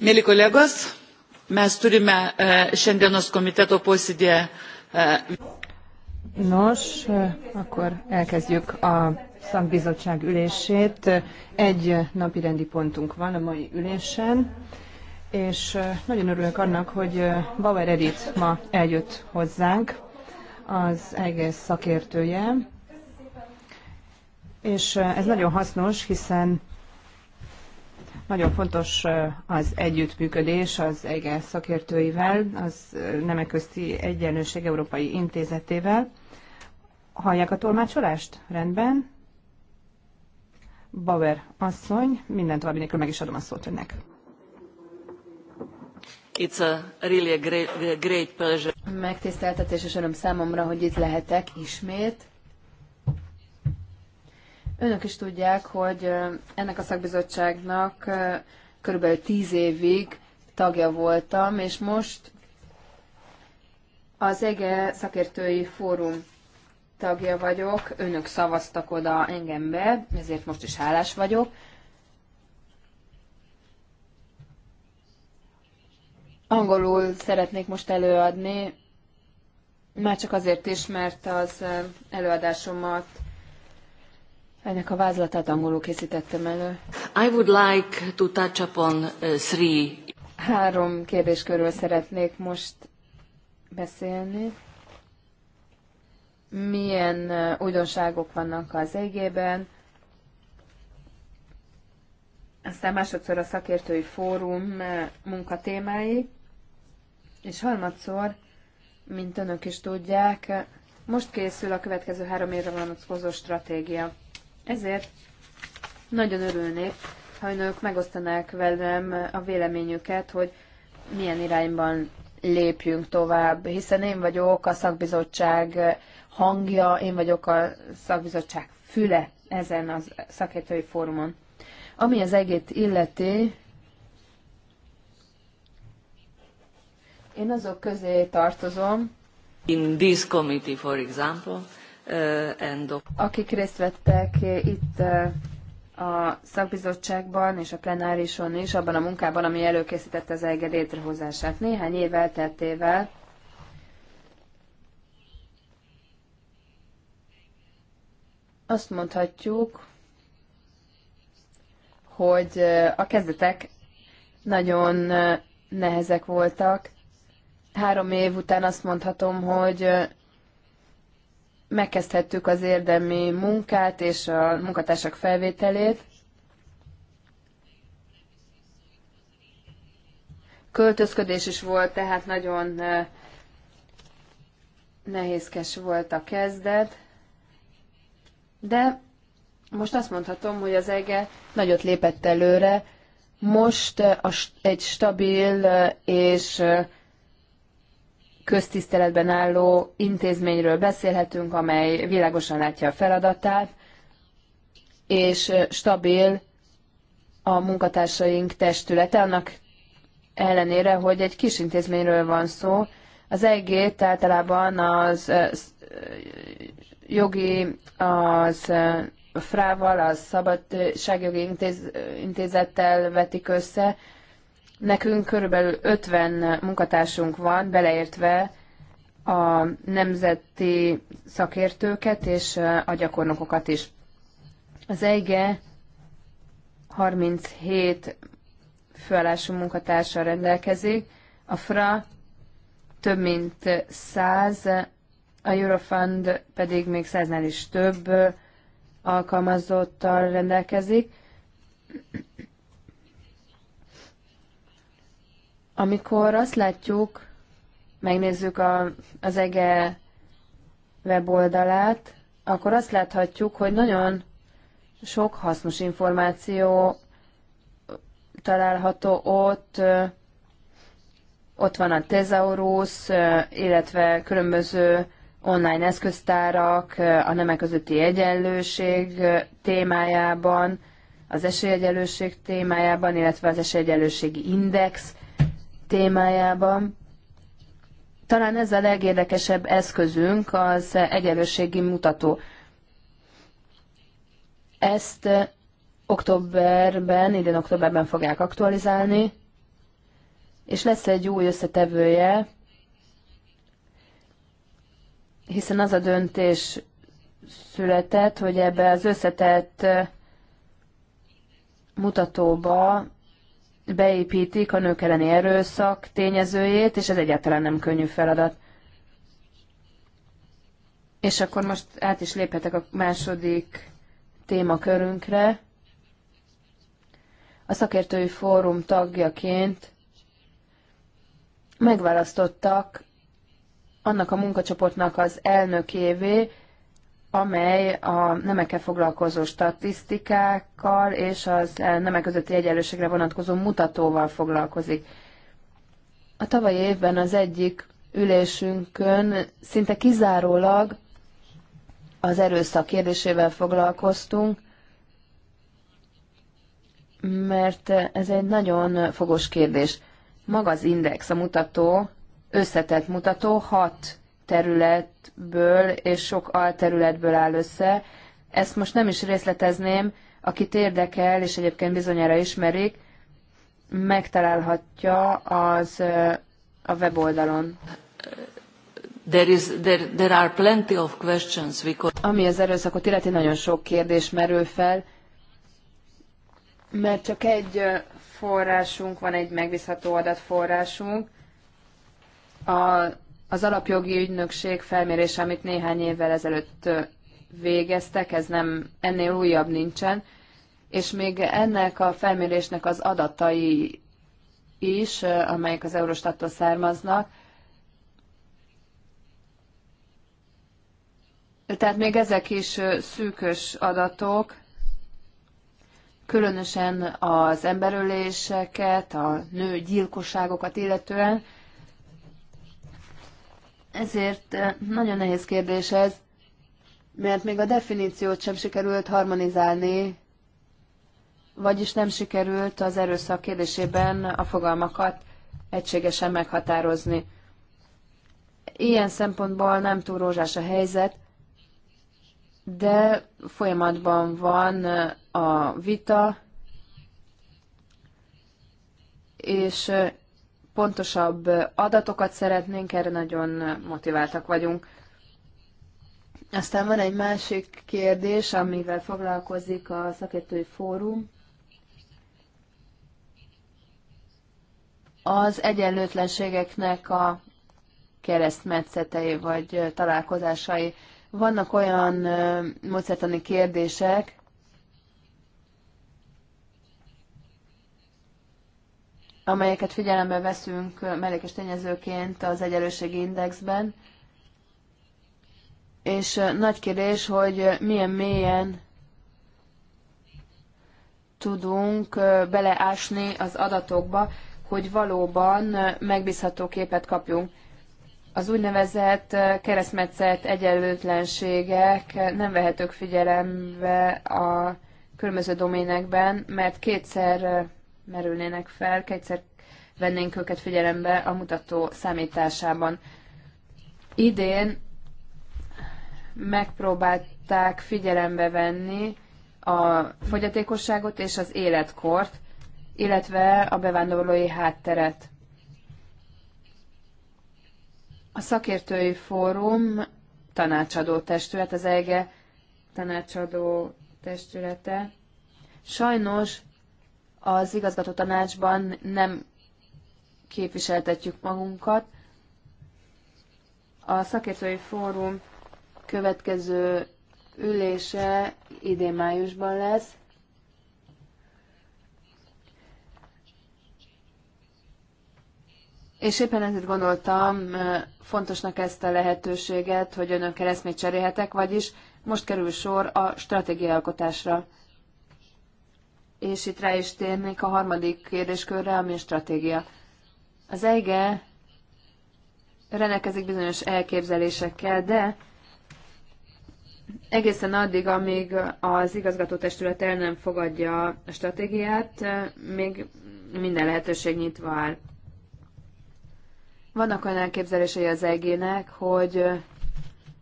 mieli kolegos mes turime e, šiandienos komiteto posėdyje e, Nos, e, akkor elkezdjük a szakbizottság ülését. Egy napi rendi pontunk van a mai ülésen, és nagyon örülök annak, hogy Bauer Edith ma eljött hozzánk, az egész szakértője, és ez nagyon hasznos, hiszen nagyon fontos az együttműködés az EGE szakértőivel, az Nemek Közti Egyenlőség Európai Intézetével. Hallják a tolmácsolást? Rendben. Bauer asszony, minden további nélkül meg is adom a szót önnek. It's a really a great, great pleasure. Megtiszteltetés és öröm számomra, hogy itt lehetek ismét Önök is tudják, hogy ennek a szakbizottságnak körülbelül tíz évig tagja voltam, és most az EGE szakértői fórum tagja vagyok, önök szavaztak oda engem be, ezért most is hálás vagyok. Angolul szeretnék most előadni, már csak azért is, mert az előadásomat ennek a vázlatát angolul készítettem elő. I would like to touch upon uh, three. Három kérdéskörről szeretnék most beszélni. Milyen uh, újdonságok vannak az égében? Aztán másodszor a szakértői fórum uh, munkatémái, és harmadszor, mint önök is tudják, most készül a következő három évre vonatkozó stratégia. Ezért nagyon örülnék, ha önök megosztanák velem a véleményüket, hogy milyen irányban lépjünk tovább, hiszen én vagyok a szakbizottság hangja, én vagyok a szakbizottság füle ezen a szakértői fórumon. Ami az egét illeti, én azok közé tartozom. In this committee, for example, akik részt vettek itt a szakbizottságban és a plenárison is, abban a munkában, ami előkészítette az EGD létrehozását. Néhány év elteltével azt mondhatjuk, hogy a kezdetek nagyon nehezek voltak. Három év után azt mondhatom, hogy megkezdhettük az érdemi munkát és a munkatársak felvételét. Költözködés is volt, tehát nagyon eh, nehézkes volt a kezdet, de most azt mondhatom, hogy az EGE nagyot lépett előre, most eh, egy stabil eh, és köztiszteletben álló intézményről beszélhetünk, amely világosan látja a feladatát, és stabil a munkatársaink testülete, annak ellenére, hogy egy kis intézményről van szó. Az eg általában az jogi, az frával, a szabadságjogi intézettel vetik össze, Nekünk körülbelül 50 munkatársunk van, beleértve a nemzeti szakértőket és a gyakornokokat is. Az EIGE 37 főállású munkatársa rendelkezik, a FRA több mint 100, a Eurofund pedig még 100-nál is több alkalmazottal rendelkezik. Amikor azt látjuk, megnézzük a, az EGE weboldalát, akkor azt láthatjuk, hogy nagyon sok hasznos információ található ott, ott van a Tezaurus, illetve különböző online eszköztárak, a nemek közötti egyenlőség témájában, az esélyegyenlőség témájában, illetve az esélyegyenlőségi index témájában. Talán ez a legérdekesebb eszközünk az egyenlőségi mutató. Ezt eh, októberben, idén októberben fogják aktualizálni, és lesz egy új összetevője, hiszen az a döntés született, hogy ebbe az összetett eh, mutatóba beépítik a nők elleni erőszak tényezőjét, és ez egyáltalán nem könnyű feladat. És akkor most át is léphetek a második témakörünkre. A szakértői fórum tagjaként megválasztottak annak a munkacsoportnak az elnökévé, amely a nemekkel foglalkozó statisztikákkal és az eh, nemek közötti egyenlőségre vonatkozó mutatóval foglalkozik. A tavalyi évben az egyik ülésünkön szinte kizárólag az erőszak kérdésével foglalkoztunk, mert ez egy nagyon fogos kérdés. Maga az index, a mutató, összetett mutató, hat területből és sok alterületből áll össze. Ezt most nem is részletezném, akit érdekel, és egyébként bizonyára ismerik, megtalálhatja az a weboldalon. There is, there, there are plenty of questions because... Ami az erőszakot illeti, nagyon sok kérdés merül fel, mert csak egy forrásunk van, egy megbízható adatforrásunk, a az alapjogi ügynökség felmérése, amit néhány évvel ezelőtt végeztek, ez nem, ennél újabb nincsen, és még ennek a felmérésnek az adatai is, amelyek az Eurostattól származnak, Tehát még ezek is szűkös adatok, különösen az emberöléseket, a nő gyilkosságokat illetően, ezért eh, nagyon nehéz kérdés ez, mert még a definíciót sem sikerült harmonizálni, vagyis nem sikerült az erőszak kérdésében a fogalmakat egységesen meghatározni. Ilyen szempontból nem túl rózsás a helyzet, de folyamatban van eh, a vita, és eh, pontosabb adatokat szeretnénk, erre nagyon motiváltak vagyunk. Aztán van egy másik kérdés, amivel foglalkozik a szakértői fórum. Az egyenlőtlenségeknek a keresztmetszetei vagy találkozásai. Vannak olyan módszertani kérdések, amelyeket figyelembe veszünk mellékes tényezőként az egyenlőségi indexben. És nagy kérdés, hogy milyen mélyen tudunk beleásni az adatokba, hogy valóban megbízható képet kapjunk. Az úgynevezett keresztmetszett egyenlőtlenségek nem vehetők figyelembe a különböző doménekben, mert kétszer merülnének fel, egyszer vennénk őket figyelembe a mutató számításában. Idén megpróbálták figyelembe venni a fogyatékosságot és az életkort, illetve a bevándorlói hátteret. A szakértői fórum tanácsadó testület, az EGE tanácsadó testülete. Sajnos az igazgató tanácsban nem képviseltetjük magunkat. A szakértői fórum következő ülése idén májusban lesz. És éppen ezért gondoltam fontosnak ezt a lehetőséget, hogy önökkel eszmét cserélhetek, vagyis most kerül sor a stratégiaalkotásra és itt rá is térnék a harmadik kérdéskörre, ami a stratégia. Az EIGE e rendelkezik bizonyos elképzelésekkel, de egészen addig, amíg az igazgatótestület el nem fogadja a stratégiát, még minden lehetőség nyitva áll. Vannak olyan elképzelései az EIGE-nek, hogy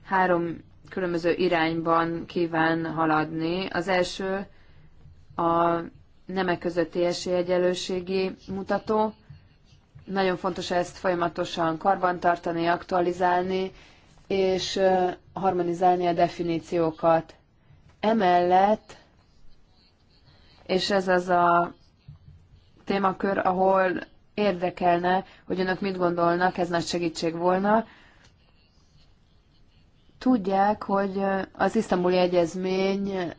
három különböző irányban kíván haladni. Az első a nemek közötti esélyegyelőségi mutató. Nagyon fontos ezt folyamatosan karbantartani, aktualizálni, és harmonizálni a definíciókat. Emellett, és ez az a témakör, ahol érdekelne, hogy önök mit gondolnak, ez nagy segítség volna. Tudják, hogy az isztambuli egyezmény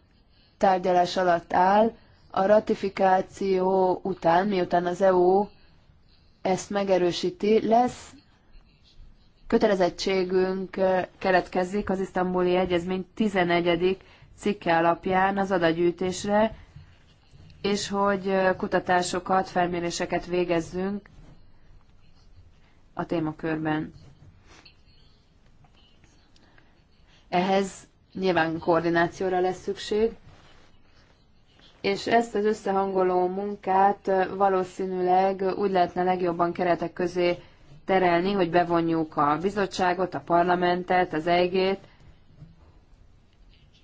tárgyalás alatt áll, a ratifikáció után, miután az EU ezt megerősíti, lesz kötelezettségünk keletkezik az isztambuli egyezmény 11. cikke alapján az adagyűjtésre, és hogy kutatásokat, felméréseket végezzünk a témakörben. Ehhez nyilván koordinációra lesz szükség, és ezt az összehangoló munkát valószínűleg úgy lehetne legjobban keretek közé terelni, hogy bevonjuk a bizottságot, a parlamentet, az EG-t,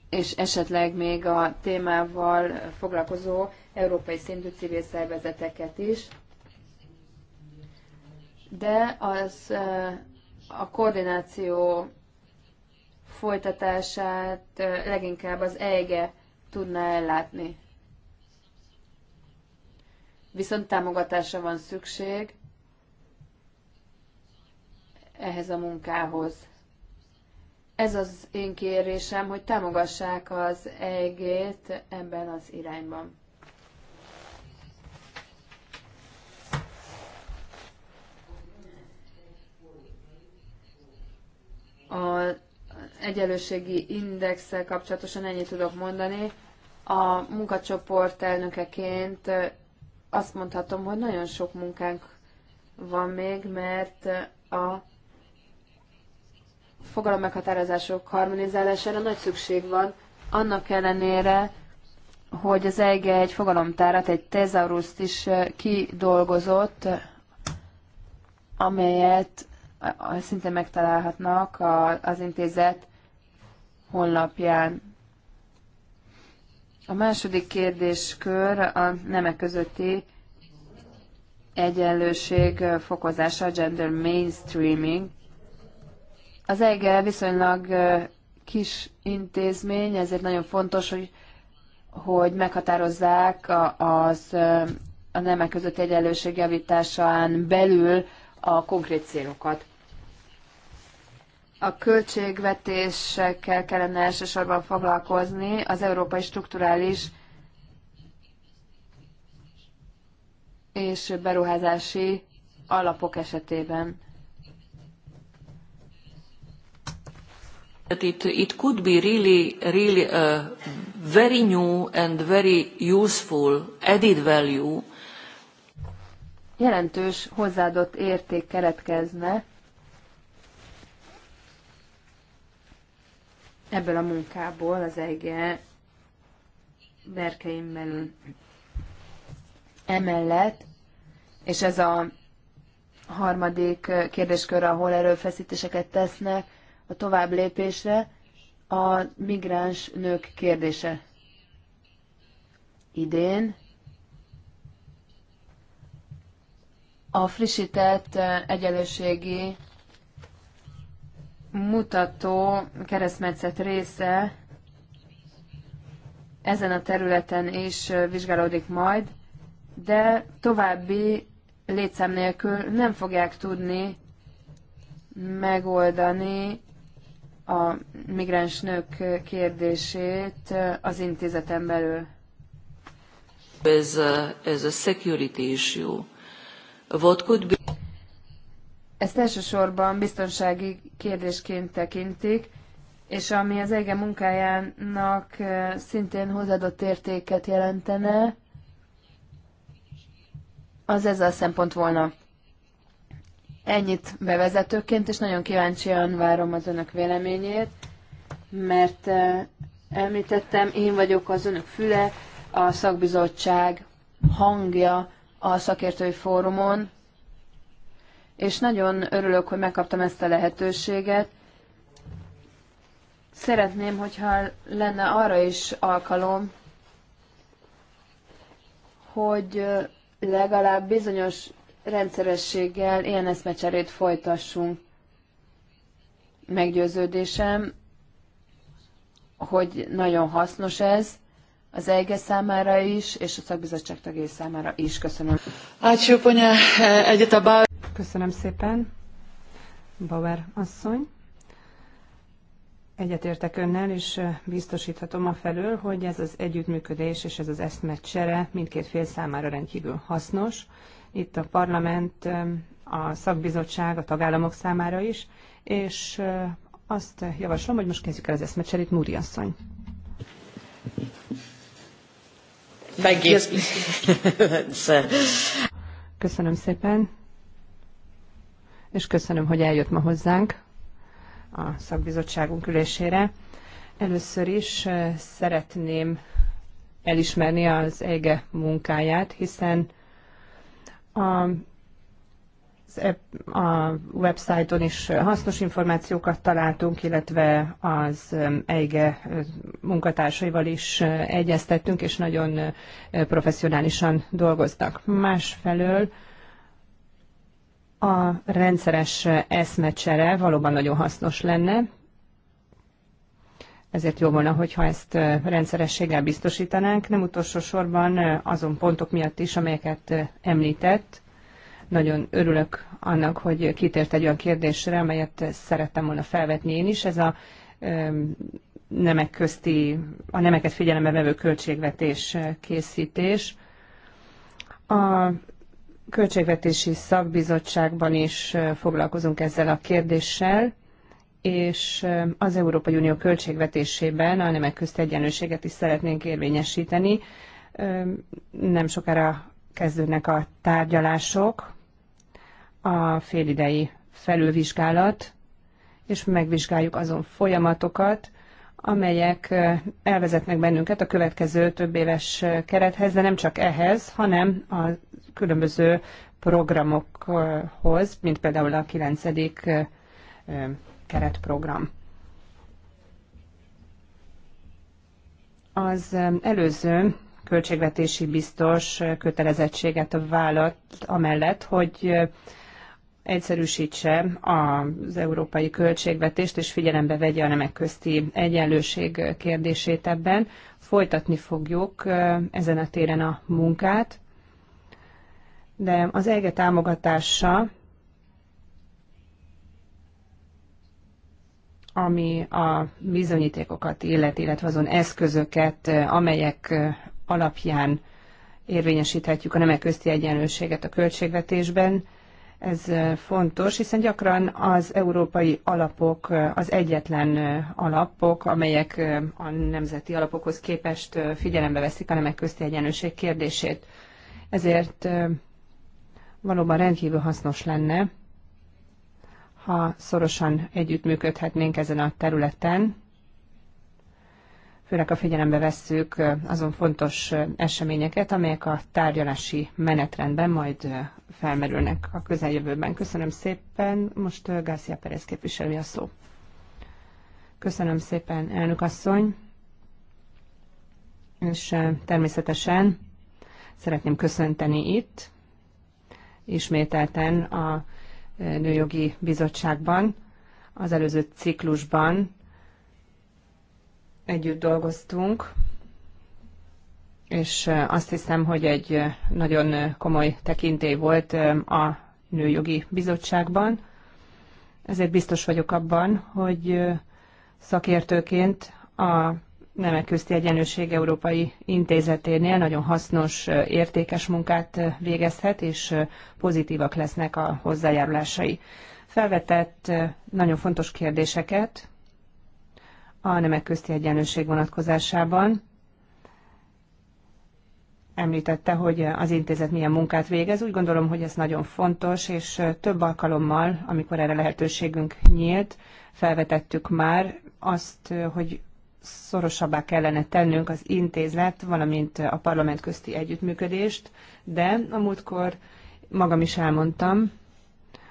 és esetleg még a témával foglalkozó európai szintű civil szervezeteket is. De az a koordináció folytatását leginkább az EG tudná ellátni viszont támogatásra van szükség ehhez a munkához. Ez az én kérésem, hogy támogassák az EG-t ebben az irányban. a egyenlőségi indexsel kapcsolatosan ennyit tudok mondani. A munkacsoport elnökeként azt mondhatom, hogy nagyon sok munkánk van még, mert a fogalom meghatározások harmonizálására nagy szükség van, annak ellenére, hogy az EG egy fogalomtárat, egy tezauruszt is eh, kidolgozott, amelyet eh, szinte megtalálhatnak az intézet honlapján. A második kérdéskör a nemek közötti egyenlőség fokozása, gender mainstreaming. Az EGE viszonylag kis intézmény, ezért nagyon fontos, hogy, hogy meghatározzák az a nemek közötti egyenlőség javításán belül a konkrét célokat a költségvetésekkel kellene elsősorban foglalkozni az európai strukturális és beruházási alapok esetében. That it, it could be really, really a very new and very useful added value. Jelentős hozzáadott érték keletkezne ebből a munkából az ege berkeim belül. Emellett, és ez a harmadik kérdéskör, ahol erőfeszítéseket tesznek a tovább lépésre, a migráns nők kérdése. Idén a frissített eh, egyenlőségi mutató keresztmetszet része ezen a területen is vizsgálódik majd, de további létszám nélkül nem fogják tudni megoldani a migráns nők kérdését az intézeten belül. Ez a, ez a security issue. What could be... Ezt elsősorban biztonsági kérdésként tekintik, és ami az EGE munkájának szintén hozzáadott értéket jelentene, az ez a szempont volna. Ennyit bevezetőként, és nagyon kíváncsian várom az önök véleményét, mert említettem, én vagyok az önök füle, a szakbizottság hangja a szakértői fórumon, és nagyon örülök, hogy megkaptam ezt a lehetőséget. Szeretném, hogyha lenne arra is alkalom, hogy legalább bizonyos rendszerességgel ilyen eszmecserét folytassunk. Meggyőződésem, hogy nagyon hasznos ez az EIGE számára is, és a szakbizottság tagjai számára is. Köszönöm. Ácsúponya, egyet a Köszönöm szépen, Bauer asszony. Egyetértek önnel, és biztosíthatom a felől, hogy ez az együttműködés és ez az csere mindkét fél számára rendkívül hasznos. Itt a parlament, a szakbizottság, a tagállamok számára is, és azt javaslom, hogy most kezdjük el az cserét, Múri asszony. Köszönöm szépen és köszönöm, hogy eljött ma hozzánk a szakbizottságunk ülésére. Először is szeretném elismerni az EGE munkáját, hiszen a e- a websájton is hasznos információkat találtunk, illetve az EIGE munkatársaival is egyeztettünk, és nagyon professzionálisan dolgoztak. Másfelől a rendszeres eszmecsere valóban nagyon hasznos lenne, ezért jó volna, hogyha ezt rendszerességgel biztosítanánk, nem utolsó sorban azon pontok miatt is, amelyeket említett. Nagyon örülök annak, hogy kitért egy olyan kérdésre, amelyet szerettem volna felvetni én is. Ez a nemek közti, a nemeket figyelembe vevő költségvetés készítés. A költségvetési szakbizottságban is foglalkozunk ezzel a kérdéssel, és az Európai Unió költségvetésében a nemek közt egyenlőséget is szeretnénk érvényesíteni. Nem sokára kezdődnek a tárgyalások, a félidei felülvizsgálat, és megvizsgáljuk azon folyamatokat, amelyek elvezetnek bennünket a következő több éves kerethez, de nem csak ehhez, hanem a különböző programokhoz, mint például a 9. keretprogram. Az előző költségvetési biztos kötelezettséget vállalt amellett, hogy egyszerűsítse az európai költségvetést, és figyelembe vegye a nemek közti egyenlőség kérdését ebben. Folytatni fogjuk ezen a téren a munkát, de az EGE támogatása, ami a bizonyítékokat illet, illetve azon eszközöket, amelyek alapján érvényesíthetjük a nemek közti egyenlőséget a költségvetésben, ez fontos, hiszen gyakran az európai alapok az egyetlen alapok, amelyek a nemzeti alapokhoz képest figyelembe veszik a nemek közti egyenlőség kérdését. Ezért valóban rendkívül hasznos lenne, ha szorosan együttműködhetnénk ezen a területen, főleg a figyelembe vesszük azon fontos eseményeket, amelyek a tárgyalási menetrendben majd felmerülnek a közeljövőben. Köszönöm szépen, most Garcia Perez képviselő a szó. Köszönöm szépen, elnök asszony, és természetesen szeretném köszönteni itt, ismételten a Nőjogi Bizottságban, az előző ciklusban együtt dolgoztunk, és azt hiszem, hogy egy nagyon komoly tekintély volt a Nőjogi Bizottságban. Ezért biztos vagyok abban, hogy szakértőként a Nemek Közti Egyenlőség Európai Intézeténél nagyon hasznos, értékes munkát végezhet, és pozitívak lesznek a hozzájárulásai. Felvetett nagyon fontos kérdéseket, a nemek közti egyenlőség vonatkozásában. Említette, hogy az intézet milyen munkát végez. Úgy gondolom, hogy ez nagyon fontos, és több alkalommal, amikor erre lehetőségünk nyílt, felvetettük már azt, hogy szorosabbá kellene tennünk az intézet, valamint a parlament közti együttműködést, de a múltkor magam is elmondtam,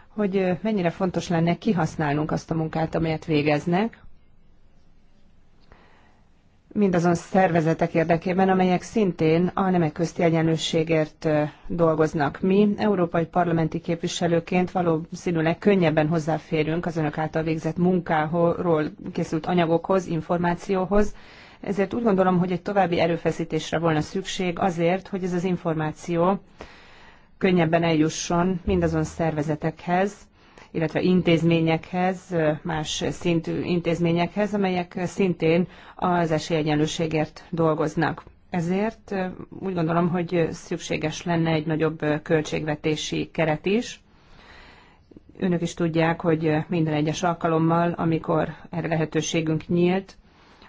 hogy mennyire fontos lenne kihasználnunk azt a munkát, amelyet végeznek, mindazon szervezetek érdekében, amelyek szintén a nemek közti egyenlőségért dolgoznak. Mi európai parlamenti képviselőként valószínűleg könnyebben hozzáférünk az önök által végzett munkáról készült anyagokhoz, információhoz, ezért úgy gondolom, hogy egy további erőfeszítésre volna szükség azért, hogy ez az információ könnyebben eljusson mindazon szervezetekhez, illetve intézményekhez, más szintű intézményekhez, amelyek szintén az esélyegyenlőségért dolgoznak. Ezért úgy gondolom, hogy szükséges lenne egy nagyobb költségvetési keret is. Önök is tudják, hogy minden egyes alkalommal, amikor erre lehetőségünk nyílt,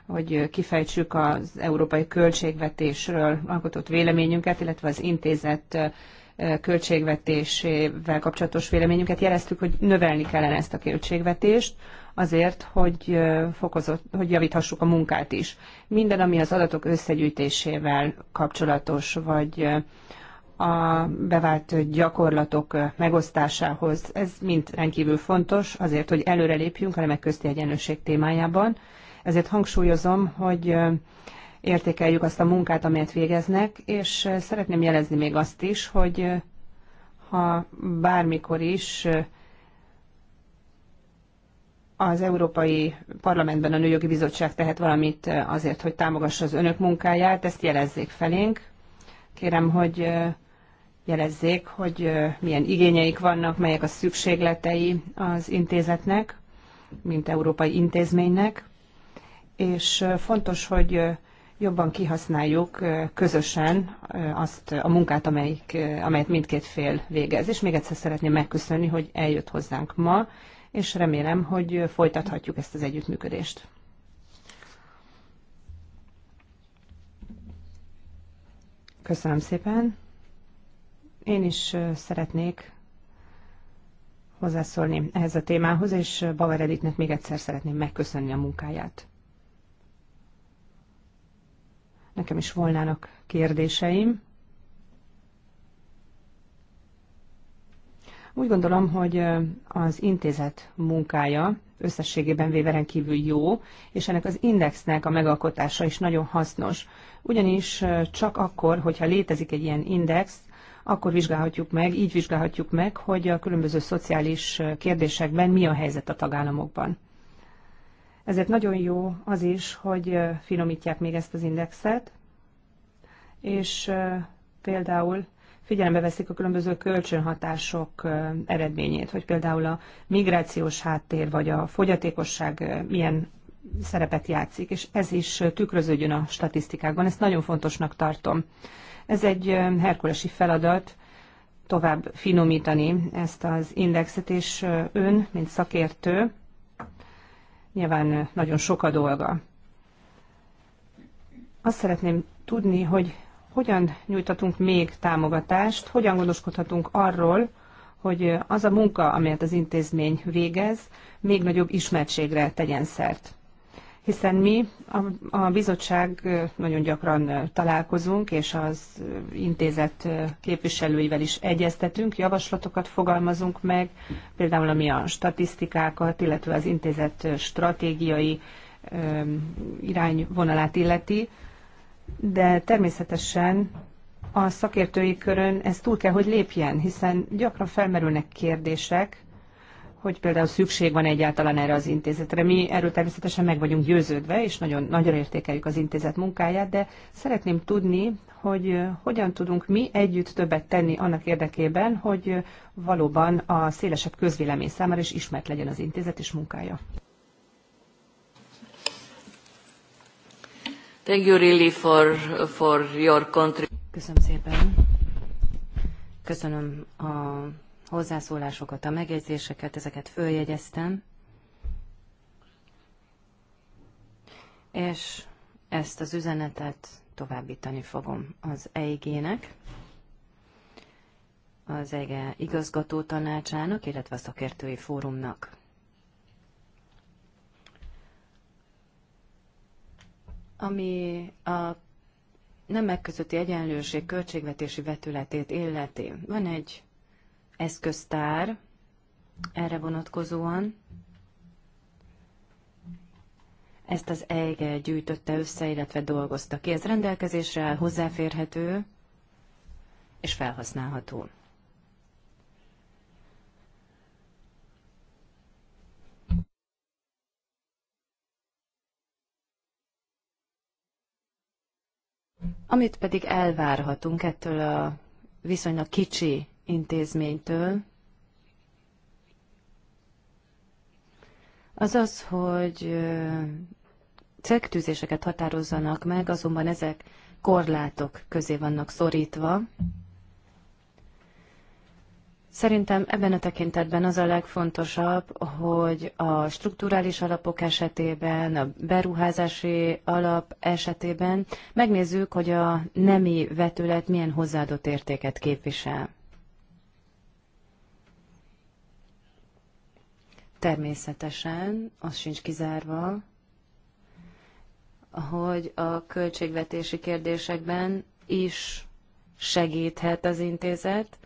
hogy kifejtsük az európai költségvetésről alkotott véleményünket, illetve az intézet költségvetésével kapcsolatos véleményünket. Jeleztük, hogy növelni kellene ezt a költségvetést azért, hogy, fokozott, hogy javíthassuk a munkát is. Minden, ami az adatok összegyűjtésével kapcsolatos, vagy a bevált gyakorlatok megosztásához. Ez mind rendkívül fontos azért, hogy előrelépjünk a remek közti egyenlőség témájában. Ezért hangsúlyozom, hogy értékeljük azt a munkát, amelyet végeznek, és szeretném jelezni még azt is, hogy ha bármikor is az Európai Parlamentben a Nőjogi Bizottság tehet valamit azért, hogy támogassa az önök munkáját, ezt jelezzék felénk. Kérem, hogy jelezzék, hogy milyen igényeik vannak, melyek a szükségletei az intézetnek, mint európai intézménynek. És fontos, hogy jobban kihasználjuk közösen azt a munkát, amelyik, amelyet mindkét fél végez. És még egyszer szeretném megköszönni, hogy eljött hozzánk ma, és remélem, hogy folytathatjuk ezt az együttműködést. Köszönöm szépen. Én is szeretnék hozzászólni ehhez a témához, és Bauer Editnek még egyszer szeretném megköszönni a munkáját. Nekem is volnának kérdéseim. Úgy gondolom, hogy az intézet munkája összességében véveren kívül jó, és ennek az indexnek a megalkotása is nagyon hasznos. Ugyanis csak akkor, hogyha létezik egy ilyen index, akkor vizsgálhatjuk meg, így vizsgálhatjuk meg, hogy a különböző szociális kérdésekben mi a helyzet a tagállamokban. Ezért nagyon jó az is, hogy finomítják még ezt az indexet, és például figyelembe veszik a különböző kölcsönhatások eredményét, hogy például a migrációs háttér vagy a fogyatékosság milyen szerepet játszik, és ez is tükröződjön a statisztikákban. Ezt nagyon fontosnak tartom. Ez egy herkulesi feladat, tovább finomítani ezt az indexet, és ön, mint szakértő, Nyilván nagyon sok a dolga. Azt szeretném tudni, hogy hogyan nyújtatunk még támogatást, hogyan gondoskodhatunk arról, hogy az a munka, amelyet az intézmény végez, még nagyobb ismertségre tegyen szert hiszen mi a, a bizottság nagyon gyakran találkozunk, és az intézet képviselőivel is egyeztetünk, javaslatokat fogalmazunk meg, például ami a statisztikákat, illetve az intézet stratégiai irányvonalát illeti, de természetesen a szakértői körön ez túl kell, hogy lépjen, hiszen gyakran felmerülnek kérdések, hogy például szükség van egyáltalán erre az intézetre. Mi erről természetesen meg vagyunk győződve, és nagyon nagyra értékeljük az intézet munkáját, de szeretném tudni, hogy hogyan tudunk mi együtt többet tenni annak érdekében, hogy valóban a szélesebb közvélemény számára is ismert legyen az intézet és munkája. Thank you really for, for your country. Köszönöm szépen. Köszönöm a hozzászólásokat, a megjegyzéseket, ezeket följegyeztem. És ezt az üzenetet továbbítani fogom az EIG-nek, az EIGE igazgató tanácsának, illetve a szakértői fórumnak. Ami a nemek közötti egyenlőség költségvetési vetületét illeti, van egy eszköztár erre vonatkozóan. Ezt az EIGE gyűjtötte össze, illetve dolgozta ki. Ez rendelkezésre áll, hozzáférhető és felhasználható. Amit pedig elvárhatunk ettől a viszonylag kicsi intézménytől, az az, hogy cektűzéseket határozzanak meg, azonban ezek korlátok közé vannak szorítva. Szerintem ebben a tekintetben az a legfontosabb, hogy a strukturális alapok esetében, a beruházási alap esetében megnézzük, hogy a nemi vetület milyen hozzáadott értéket képvisel. Természetesen, az sincs kizárva, hogy a költségvetési kérdésekben is segíthet az intézet,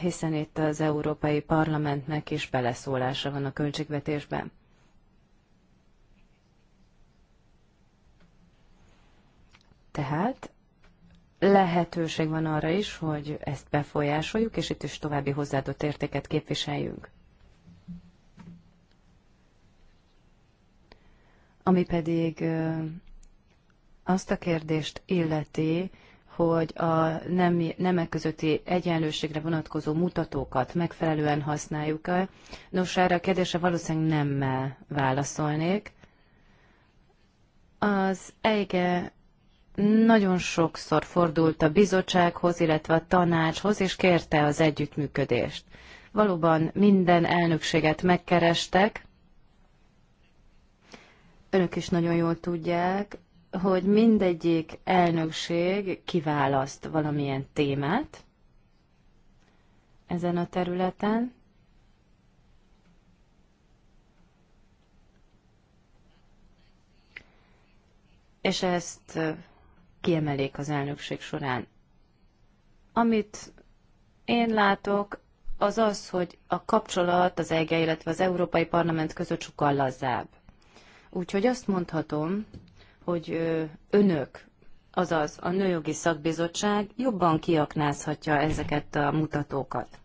hiszen itt az Európai Parlamentnek is beleszólása van a költségvetésben. Tehát lehetőség van arra is, hogy ezt befolyásoljuk, és itt is további hozzáadott értéket képviseljünk. Ami pedig azt a kérdést illeti, hogy a nem, nemek közötti egyenlőségre vonatkozó mutatókat megfelelően használjuk-e. Nos, erre a kérdésre valószínűleg nemmel válaszolnék. Az EIGE nagyon sokszor fordult a bizottsághoz, illetve a tanácshoz, és kérte az együttműködést. Valóban minden elnökséget megkerestek, önök is nagyon jól tudják, hogy mindegyik elnökség kiválaszt valamilyen témát ezen a területen, és ezt kiemelik az elnökség során. Amit én látok, az az, hogy a kapcsolat az EGE, illetve az Európai Parlament között sokkal lazább. Úgyhogy azt mondhatom, hogy önök, azaz a Nőjogi Szakbizottság jobban kiaknázhatja ezeket a mutatókat.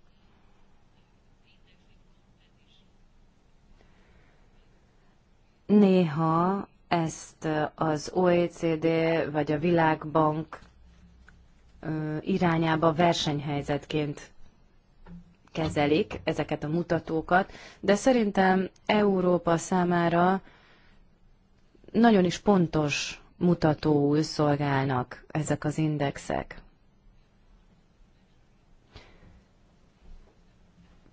Néha ezt az OECD vagy a Világbank irányába versenyhelyzetként kezelik ezeket a mutatókat, de szerintem Európa számára nagyon is pontos mutatóul szolgálnak ezek az indexek.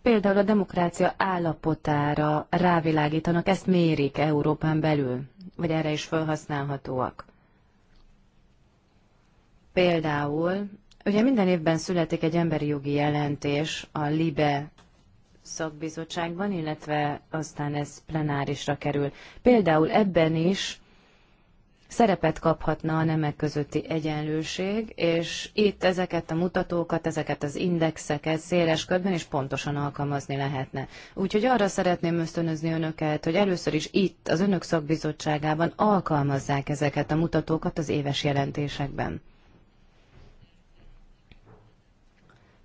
Például a demokrácia állapotára rávilágítanak, ezt mérik Európán belül, vagy erre is felhasználhatóak. Például, ugye minden évben születik egy emberi jogi jelentés a LIBE szakbizottságban, illetve aztán ez plenárisra kerül. Például ebben is szerepet kaphatna a nemek közötti egyenlőség, és itt ezeket a mutatókat, ezeket az indexeket széles körben is pontosan alkalmazni lehetne. Úgyhogy arra szeretném ösztönözni önöket, hogy először is itt, az önök szakbizottságában alkalmazzák ezeket a mutatókat az éves jelentésekben.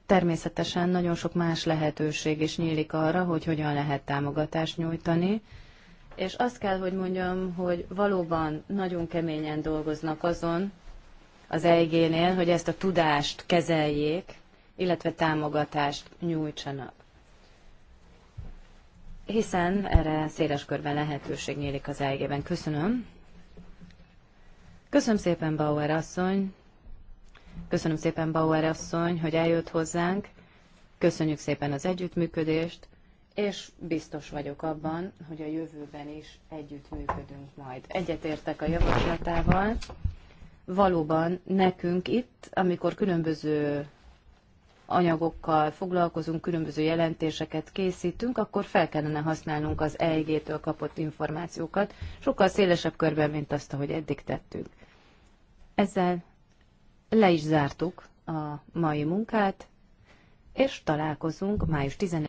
természetesen nagyon sok más lehetőség is nyílik arra, hogy hogyan lehet támogatást nyújtani. És azt kell, hogy mondjam, hogy valóban nagyon keményen dolgoznak azon az EIG-nél, hogy ezt a tudást kezeljék, illetve támogatást nyújtsanak. Hiszen erre széles körben lehetőség nyílik az EIG-ben. Köszönöm. Köszönöm szépen, Bauer asszony. Köszönöm szépen Bauer asszony, hogy eljött hozzánk. Köszönjük szépen az együttműködést, és biztos vagyok abban, hogy a jövőben is együttműködünk majd. Egyetértek a javaslatával. Valóban nekünk itt, amikor különböző anyagokkal foglalkozunk, különböző jelentéseket készítünk, akkor fel kellene használnunk az EIG-től kapott információkat, sokkal szélesebb körben, mint azt, ahogy eddig tettünk. Ezzel le is zártuk a mai munkát, és találkozunk május 11